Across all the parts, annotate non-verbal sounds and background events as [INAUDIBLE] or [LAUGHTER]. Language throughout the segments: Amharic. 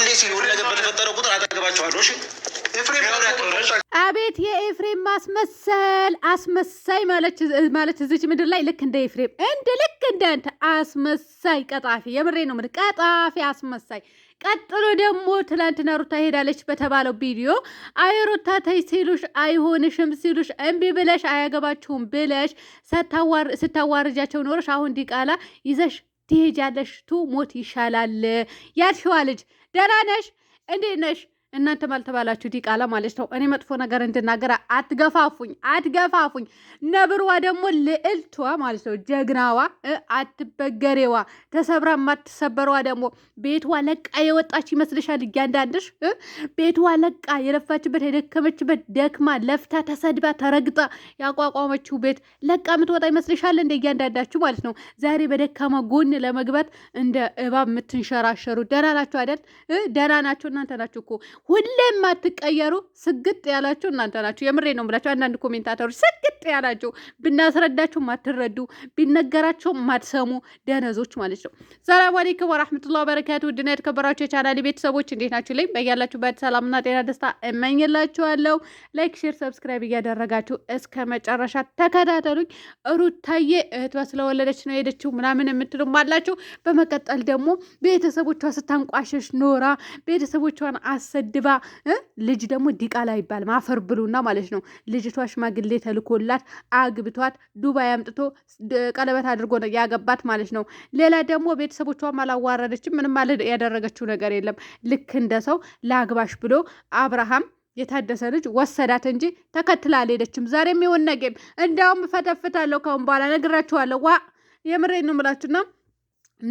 ሁሌ ሲሆን ነገር በተፈጠረው ቁጥር አጠገባቸዋለሁ። እሺ አቤት የኤፍሬም ማስመሰል አስመሳይ ማለት እዚች ምድር ላይ ልክ እንደ ኤፍሬም እንደ ልክ እንደ አንተ አስመሳይ ቀጣፊ፣ የምሬ ነው ምን ቀጣፊ አስመሳይ። ቀጥሎ ደግሞ ትላንትና ሩታ ሄዳለች በተባለው ቪዲዮ አይ ሩታ ተይ ሲሉሽ አይሆንሽም ሲሉሽ እምቢ ብለሽ አያገባችሁም ብለሽ ስታዋርጃቸው ኖረሽ አሁን ዲቃላ ይዘሽ ትሄጃለሽ ቱ ሞት ይሻላል ያልሽዋ ልጅ ደህና ነሽ? እንዴት ነሽ? እናንተ ባልተባላችሁ ዲቃላ ማለት ነው። እኔ መጥፎ ነገር እንድናገር አትገፋፉኝ፣ አትገፋፉኝ። ነብርዋ ደግሞ ልዕልቷ ማለት ነው፣ ጀግናዋ፣ አትበገሬዋ፣ ተሰብራ የማትሰበረዋ ደግሞ ቤቷ ለቃ የወጣች ይመስልሻል? እያንዳንድሽ ቤቷ ለቃ የለፋችበት የደከመችበት ደክማ ለፍታ ተሰድባ ተረግጣ ያቋቋመችው ቤት ለቃ የምትወጣ ይመስልሻል? እንደ እያንዳንዳችሁ ማለት ነው። ዛሬ በደካማ ጎን ለመግባት እንደ እባብ የምትንሸራሸሩ ደህና ናችሁ አይደል? ደህና ናችሁ እናንተ ናችሁ እኮ ሁሌም አትቀየሩ። ስግጥ ያላችሁ እናንተ ናችሁ። የምሬ ነው ብላችሁ አንዳንድ ኮሜንታተሮች ስግጥ ያላችሁ ብናስረዳችሁ ማትረዱ ቢነገራችሁ ማትሰሙ ደነዞች ማለት ነው። ሰላም አለይኩም ወራህመቱላ ወበረካቱ። ውድና የተከበራችሁ የቻናል ቤተሰቦች እንዴት ናችሁ? ላይ በያላችሁበት ሰላምና ጤና ደስታ እመኝላችኋለሁ። ላይክ፣ ሼር፣ ሰብስክራይብ እያደረጋችሁ እስከ መጨረሻ ተከታተሉኝ። ሩታዬ እህቷ ስለወለደች ነው ሄደችው ምናምን የምትሉም አላችሁ። በመቀጠል ደግሞ ቤተሰቦቿ ስታንቋሸሽ ኖራ ቤተሰቦቿን አሰደ ድባ ልጅ ደግሞ ዲቃላ ይባል ማፈር ብሉና ማለት ነው። ልጅቷ ሽማግሌ ተልኮላት አግብቷት ዱባይ አምጥቶ ቀለበት አድርጎ ያገባት ማለት ነው። ሌላ ደግሞ ቤተሰቦቿም አላዋረደችም። ምንም ያደረገችው ነገር የለም። ልክ እንደ ሰው ለአግባሽ ብሎ አብርሃም የታደሰ ልጅ ወሰዳት እንጂ ተከትላ አልሄደችም። ዛሬም የሆን ነገም እንዲያውም ፈተፍታለሁ ካሁን በኋላ ነግራችኋለሁ። ዋ የምሬ ነው ምላችሁና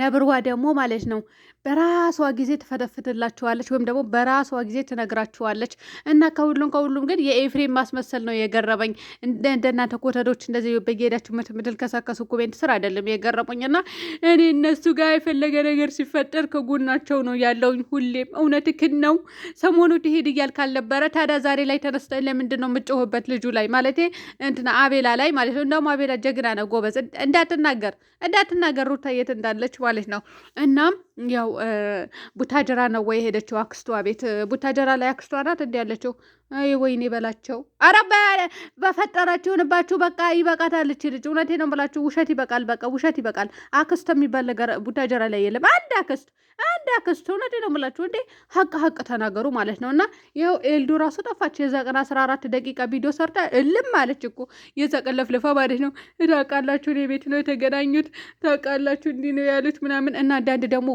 ነብርዋ ደግሞ ማለት ነው በራሷ ጊዜ ትፈተፍትላችኋለች ወይም ደግሞ በራሷ ጊዜ ትነግራችኋለች። እና ከሁሉም ከሁሉም ግን የኤፍሬም ማስመሰል ነው የገረመኝ። እንደናንተ ኮተዶች እንደዚህ በየሄዳችሁ ምድል ከሳከሱ ኮሜንት ስር አይደለም የገረመኝ። እና እኔ እነሱ ጋር የፈለገ ነገር ሲፈጠር ከጎናቸው ነው ያለውኝ ሁሌም። እውነት ክን ነው ሰሞኑ ትሄድ እያልክ አልነበረ? ታዲያ ዛሬ ላይ ተነስተ ለምንድን ነው የምጮህበት ልጁ ላይ ማለቴ እንትና አቤላ ላይ ማለት ነው። እንደውም አቤላ ጀግና ነው ጎበዝ። እንዳትናገር እንዳትናገር ሩታ የት እንዳለች ማለት ነው እናም ያው ቡታጀራ ነው ወይ ሄደችው አክስቷ ቤት ቡታጀራ ላይ አክስቷ ናት እንዲ ያለችው። ወይኔ በላቸው። አረ በፈጠራችሁንባችሁ በቃ ይበቃታል ልጅ። እውነቴ ነው ብላችሁ ውሸት ይበቃል። በቃ ውሸት ይበቃል። አክስት የሚባል ነገር ቡታጀራ ላይ የለም። አንድ አክስት እንዳክስት እውነቴ ነው የምላችሁ እንዴ ሀቅ ሀቅ ተናገሩ ማለት ነው። እና ይኸው ኤልዱ ራሱ ጠፋች። የዛ አስራ አራት ደቂቃ ቪዲዮ ሰርታ እልም አለች እኮ የዛ ቀን ለፍልፋ ማለት ነው። ታውቃላችሁ እኔ ቤት ነው የተገናኙት፣ ታውቃላችሁ እንዲህ ነው ያሉት ምናምን እና አንዳንድ ደግሞ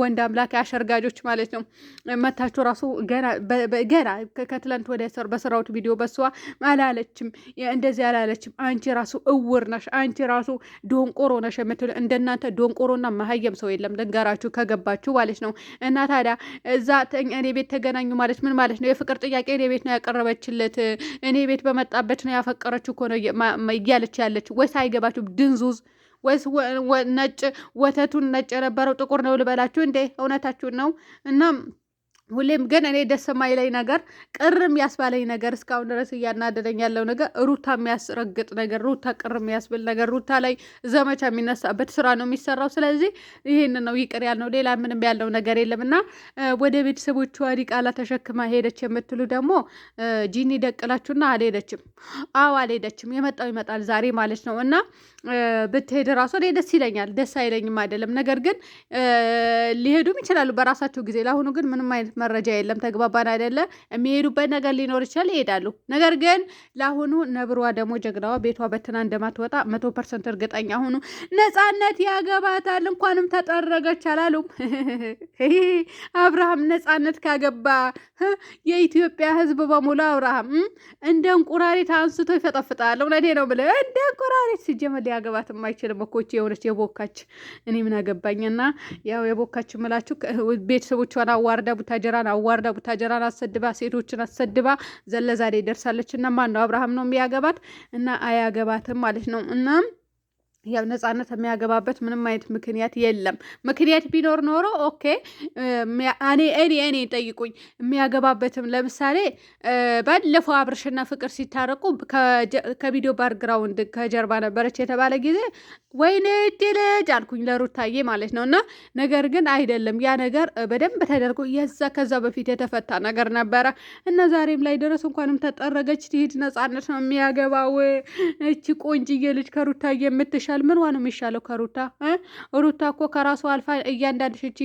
ወንድ አምላክ አሸርጋጆች ማለት ነው መታችሁ ራሱ ገና ገና ከትላንት ወደ በስራውት ቪዲዮ በሷ አላለችም እንደዚህ አላለችም። አንቺ ራሱ እውር ነሽ፣ አንቺ ራሱ ዶንቆሮ ነሽ የምትሉ እንደናንተ ዶንቆሮና መሀየም ሰው የለም ልንገራችሁ ከገባችሁ ማለት ማለት ነው። እና ታዲያ እዛ እኔ ቤት ተገናኙ ማለት ምን ማለት ነው? የፍቅር ጥያቄ እኔ ቤት ነው ያቀረበችለት፣ እኔ ቤት በመጣበት ነው ያፈቀረችው እኮ ነው እያለች ያለች። ወይስ አይገባችሁ ድንዙዝ ወይስ ነጭ ወተቱን ነጭ የነበረው ጥቁር ነው ልበላችሁ እንዴ? እውነታችሁን ነው እና ሁሌም ግን እኔ ደስ የማይለኝ ነገር ቅርም ያስባለኝ ነገር እስካሁን ድረስ እያናደደኝ ያለው ነገር ሩታ የሚያስረግጥ ነገር፣ ሩታ ቅር ያስብል ነገር፣ ሩታ ላይ ዘመቻ የሚነሳበት ስራ ነው የሚሰራው። ስለዚህ ይህን ነው ይቅር ያልነው፣ ሌላ ምንም ያለው ነገር የለም እና ወደ ቤተሰቦቿ ዲቃላ ተሸክማ ሄደች የምትሉ ደግሞ ጂኒ ደቅላችሁና አልሄደችም። አዎ አልሄደችም። የመጣው ይመጣል ዛሬ ማለት ነው እና ብትሄድ ራሱ እኔ ደስ ይለኛል፣ ደስ አይለኝም አይደለም። ነገር ግን ሊሄዱም ይችላሉ በራሳቸው ጊዜ። ለአሁኑ ግን ምንም አይነት መረጃ የለም። ተግባባን አይደለ? የሚሄዱበት ነገር ሊኖር ይችላል፣ ይሄዳሉ። ነገር ግን ለአሁኑ ነብሯ ደግሞ ጀግናዋ ቤቷ በትና እንደማትወጣ መቶ ፐርሰንት እርግጠኛ ሁኑ። ነጻነት ያገባታል። እንኳንም ተጠረገች አላሉም። [LAUGHS] አብርሃም ነጻነት ካገባ የኢትዮጵያ ሕዝብ በሙሉ አብርሃም እንደ እንቁራሪት አንስቶ ይፈጠፍጣል። እውነቴ ነው ብለ እንደ እንቁራሪት ሲጀመር ሊያገባት አይችልም እኮ የሆነች የቦካች እኔ ምን አገባኝና ያው የቦካች ምላችሁ ቤተሰቦቿን አዋርዳ ቡታጀ ቡታጀራን አዋርዳ ቡታጀራን አሰድባ ሴቶችን አሰድባ ዘለዛዴ ደርሳለች። እና ማን ነው አብርሃም ነው የሚያገባት እና አያገባትም ማለት ነው እና ያው ነጻነት የሚያገባበት ምንም አይነት ምክንያት የለም። ምክንያት ቢኖር ኖሮ ኦኬ እኔ እኔ እኔ ጠይቁኝ የሚያገባበትም ለምሳሌ ባለፈው አብርሽና ፍቅር ሲታረቁ ከቪዲዮ ባርግራውንድ ከጀርባ ነበረች የተባለ ጊዜ ወይኔ ልጅ አልኩኝ ለሩታዬ ማለት ነው። እና ነገር ግን አይደለም ያ ነገር በደንብ ተደርጎ የዛ ከዛ በፊት የተፈታ ነገር ነበረ እና ዛሬም ላይ ድረስ እንኳንም ተጠረገች ትሄድ ነጻነት ነው የሚያገባው እቺ ቆንጅዬ ልጅ ከሩታዬ የምትሻ ይሻል? ምንዋ ነው የሚሻለው ከሩታ? ሩታ እኮ ከራሱ አልፋ እያንዳንድ ሽቺ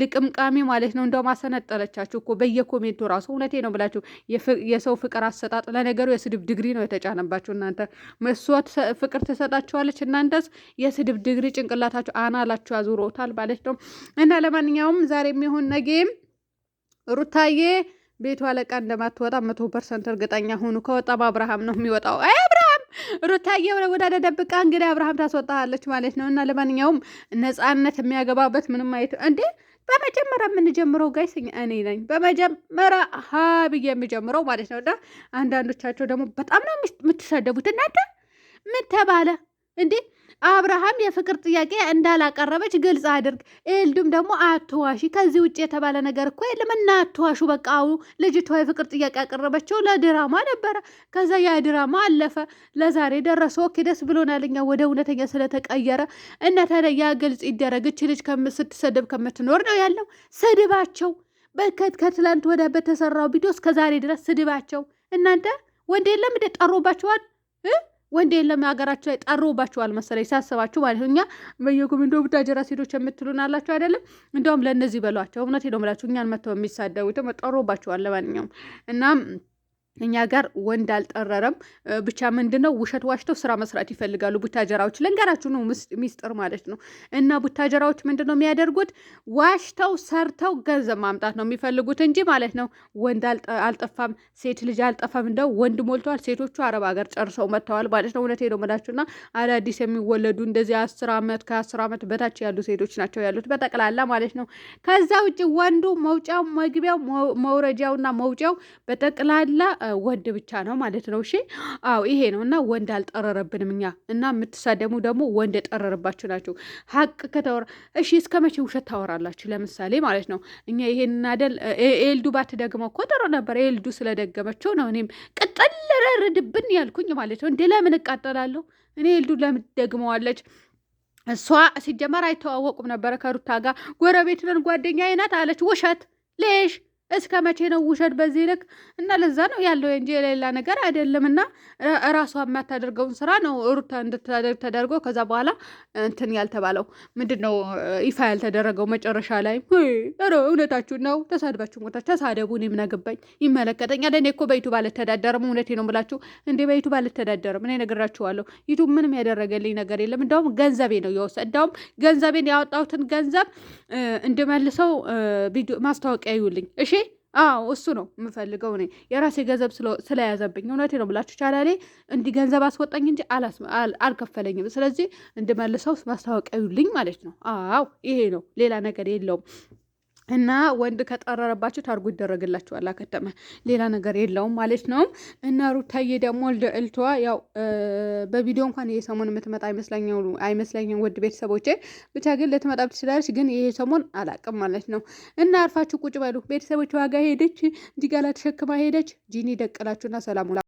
ልቅምቃሚ ማለት ነው እንደውም አሰነጠለቻችሁ እኮ በየኮሜንቱ ራሱ። እውነቴ ነው ብላችሁ የሰው ፍቅር አሰጣጥ፣ ለነገሩ የስድብ ድግሪ ነው የተጫነባችሁ እናንተ። እሷ ፍቅር ትሰጣችኋለች፣ እናንተስ የስድብ ድግሪ ጭንቅላታችሁ አናላችሁ አዙሮታል ማለት ነው። እና ለማንኛውም ዛሬ የሚሆን ነገም ሩታዬ ቤቷ አለቃ እንደማትወጣ መቶ ፐርሰንት እርግጠኛ ሆኑ። ከወጣ በአብርሃም ነው የሚወጣው። ሩታዬ ወደ ደብቃ እንግዲህ አብርሃም ታስወጣለች ማለት ነው። እና ለማንኛውም ነፃነት የሚያገባበት ምንም አይት እንዴ በመጀመሪያ የምንጀምረው ጋይስ እኔ ነኝ በመጀመሪያ ሀ ብዬ የሚጀምረው ማለት ነው። እና አንዳንዶቻቸው ደግሞ በጣም ነው የምትሰደቡት እናንተ ምን ተባለ እንዴ? አብርሃም የፍቅር ጥያቄ እንዳላቀረበች ግልጽ አድርግ። ኤልዱም ደግሞ አትዋሺ፣ ከዚህ ውጭ የተባለ ነገር እኮ የለም እና አትዋሹ። በቃ አዎ፣ ልጅቷ የፍቅር ጥያቄ ያቀረበችው ለድራማ ነበረ። ከዛ ያ ድራማ አለፈ። ለዛሬ ደረሰ። ኦኬ፣ ደስ ብሎናል እኛ ወደ እውነተኛ ስለተቀየረ እና ታዲያ ያ ግልጽ ይደረግ። እች ልጅ ስትሰደብ ከምትኖር ነው ያለው ስድባቸው በከት ከትላንት ወደ በተሰራው ቪዲዮ እስከ ዛሬ ድረስ ስድባቸው። እናንተ ወንድ የለም እንደ ጠሮባችኋል። ወንድ የለም ሀገራችሁ ላይ ጠሩባችኋል መሰለኝ ሳስባችሁ ማለት ነው። እኛ በየጉም እንደ ቡታጀራ ሴቶች የምትሉን አላችሁ አይደለም። እንደውም ለእነዚህ በሏቸው። እውነት ነው ምላችሁ እኛን መጥተው የሚሳደቡትም ጠሩባችኋል። ለማንኛውም እና እኛ ጋር ወንድ አልጠረረም። ብቻ ምንድነው ውሸት ዋሽተው ስራ መስራት ይፈልጋሉ ቡታጀራዎች። ለንገራችሁ ነው ሚስጥር ማለት ነው። እና ቡታጀራዎች ምንድነው የሚያደርጉት? ዋሽተው ሰርተው ገንዘብ ማምጣት ነው የሚፈልጉት እንጂ ማለት ነው ወንድ አልጠፋም፣ ሴት ልጅ አልጠፋም። እንደው ወንድ ሞልተዋል። ሴቶቹ አረብ ሀገር ጨርሰው መጥተዋል ማለት ነው። እውነቴን ነው የምላችሁና አዳዲስ የሚወለዱ እንደዚህ አስር ዓመት ከአስር ዓመት በታች ያሉ ሴቶች ናቸው ያሉት በጠቅላላ ማለት ነው። ከዛ ውጭ ወንዱ መውጫው መግቢያው መውረጃውና መውጫው በጠቅላላ ወንድ ብቻ ነው ማለት ነው። እሺ አዎ ይሄ ነው እና ወንድ አልጠረረብንም እኛ እና የምትሳደሙ ደግሞ ወንድ የጠረረባችሁ ናችሁ። ሀቅ ከተወራ እሺ እስከ መቼ ውሸት ታወራላችሁ? ለምሳሌ ማለት ነው እኛ ይሄን እናደል ኤልዱ ባትደግመው እኮ ጥሩ ነበር። ኤልዱ ስለደገመችው ነው እኔም ቅጥል ረርድብን ያልኩኝ ማለት ነው። እንዴ ለምን እቃጠላለሁ እኔ ኤልዱ ለምን ደግመዋለች? እሷ ሲጀመር አይተዋወቁም ነበረ ከሩታ ጋር ጎረቤት ነን ጓደኛዬ ናት አለች። ውሸት ሌሽ እስከ መቼ ነው ውሸት በዚህ ልክ? እና ለዛ ነው ያለው እንጂ የሌላ ነገር አይደለም። እና ራሷ የማታደርገውን ስራ ነው ሩታ እንድታደርግ ተደርጎ ከዛ በኋላ እንትን ያልተባለው ምንድን ነው ይፋ ያልተደረገው መጨረሻ ላይ ኧረ እውነታችሁ ነው ተሳድባችሁ ሞታችሁ ተሳደቡን የምናገባኝ ይመለከተኛል። እኔ እኮ በዩቱብ አልተዳደርም። እውነቴ ነው የምላችሁ እንዴ በዩቱብ አልተዳደርም። እኔ ነግራችኋለሁ፣ ዩቱብ ምንም ያደረገልኝ ነገር የለም። እንዳውም ገንዘቤ ነው የወሰድ እንዳውም ገንዘቤን ያወጣሁትን ገንዘብ እንድመልሰው ማስታወቂያ ይውልኝ እሺ አዎ እሱ ነው የምፈልገው። እኔ የራሴ ገንዘብ ስለያዘብኝ እውነቴ ነው ብላችሁ ቻላሌ እንዲህ ገንዘብ አስወጣኝ እንጂ አልከፈለኝም። ስለዚህ እንድመልሰው ማስታወቂያ ዩልኝ ማለት ነው። አዎ ይሄ ነው፣ ሌላ ነገር የለውም። እና ወንድ ከጠረረባችሁ ታርጉ ይደረግላችኋል። አከተመ ሌላ ነገር የለውም ማለት ነው። እና ሩታዬ ደግሞ ልዕልቷ ያው በቪዲዮ እንኳን ይሄ ሰሞን የምትመጣ አይመስለኝም። ውድ ቤተሰቦቼ ብቻ ግን ልትመጣ ትችላለች፣ ግን ይሄ ሰሞን አላቅም ማለት ነው። እና አርፋችሁ ቁጭ በሉ ቤተሰቦች። ዋጋ ሄደች፣ ዲጋላ ተሸክማ ሄደች። ጂኒ ደቅላችሁና ሰላሙላ